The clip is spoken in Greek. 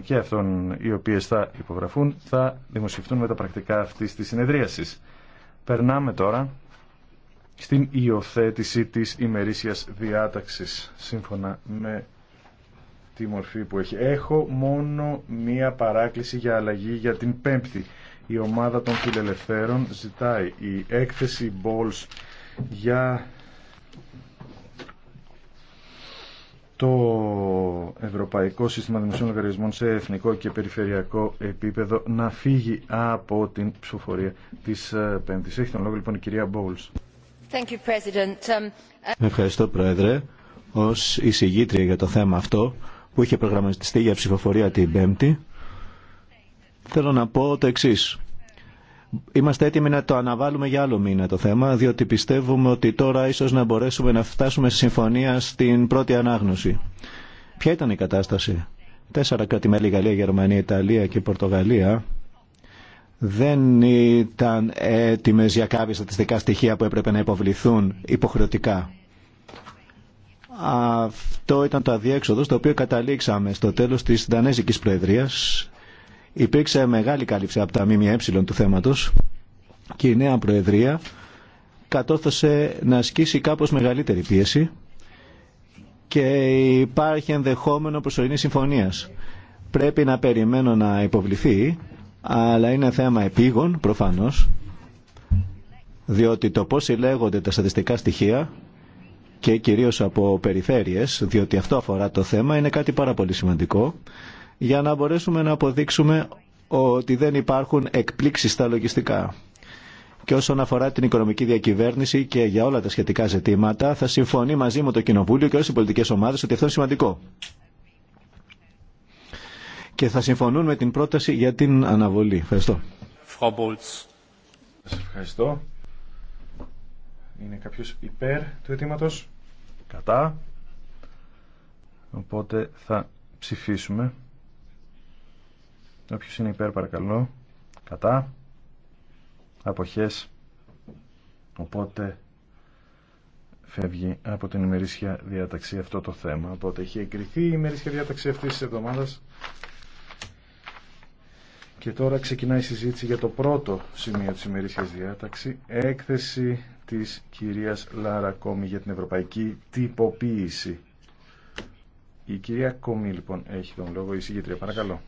και αυτών οι οποίε θα υπογραφούν θα δημοσιευτούν με τα πρακτικά αυτή τη συνεδρίαση. Περνάμε τώρα στην υιοθέτηση της ημερήσια διάταξης σύμφωνα με τη μορφή που έχει. Έχω μόνο μία παράκληση για αλλαγή για την πέμπτη. Η ομάδα των φιλελευθέρων ζητάει η έκθεση Balls για το Ευρωπαϊκό Σύστημα Δημοσίων Λογαριασμών σε εθνικό και περιφερειακό επίπεδο να φύγει από την ψηφοφορία τη ε, Πέμπτη Έχει τον λόγο λοιπόν η κυρία Μπόουλ. Um, ε- Ευχαριστώ Πρόεδρε. Ω εισηγήτρια για το θέμα αυτό που είχε προγραμματιστεί για ψηφοφορία την Πέμπτη θέλω να πω το εξή. Είμαστε έτοιμοι να το αναβάλουμε για άλλο μήνα το θέμα, διότι πιστεύουμε ότι τώρα ίσως να μπορέσουμε να φτάσουμε στη συμφωνία στην πρώτη ανάγνωση. Ποια ήταν η κατάσταση. Τέσσερα κράτη-μέλη, Γαλλία, Γερμανία, Ιταλία και Πορτογαλία, δεν ήταν έτοιμε για κάποια στατιστικά στοιχεία που έπρεπε να υποβληθούν υποχρεωτικά. Αυτό ήταν το αδιέξοδο στο οποίο καταλήξαμε στο τέλος της Δανέζικης Προεδρίας. Υπήρξε μεγάλη κάλυψη από τα ΜΜΕ του θέματος και η νέα Προεδρία κατόρθωσε να ασκήσει κάπως μεγαλύτερη πίεση και υπάρχει ενδεχόμενο προσωρινή συμφωνία. Πρέπει να περιμένω να υποβληθεί, αλλά είναι θέμα επίγον προφανώς, διότι το πώς συλλέγονται τα στατιστικά στοιχεία και κυρίως από περιφέρειες, διότι αυτό αφορά το θέμα, είναι κάτι πάρα πολύ σημαντικό για να μπορέσουμε να αποδείξουμε ότι δεν υπάρχουν εκπλήξεις στα λογιστικά και όσον αφορά την οικονομική διακυβέρνηση και για όλα τα σχετικά ζητήματα, θα συμφωνεί μαζί μου το Κοινοβούλιο και όλε οι πολιτικέ ομάδε ότι αυτό είναι σημαντικό. Και θα συμφωνούν με την πρόταση για την αναβολή. Ευχαριστώ. Σας ευχαριστώ. Είναι κάποιος υπέρ του αιτήματο. Κατά. Οπότε θα ψηφίσουμε. Όποιος είναι υπέρ παρακαλώ. Κατά αποχές οπότε φεύγει από την ημερήσια διάταξη αυτό το θέμα οπότε έχει εγκριθεί η ημερήσια διάταξη αυτής της εβδομάδας και τώρα ξεκινάει η συζήτηση για το πρώτο σημείο της ημερήσιας διάταξη έκθεση της κυρίας Λάρα Κόμη για την ευρωπαϊκή τυποποίηση η κυρία Κόμη λοιπόν έχει τον λόγο η συγκεκριά παρακαλώ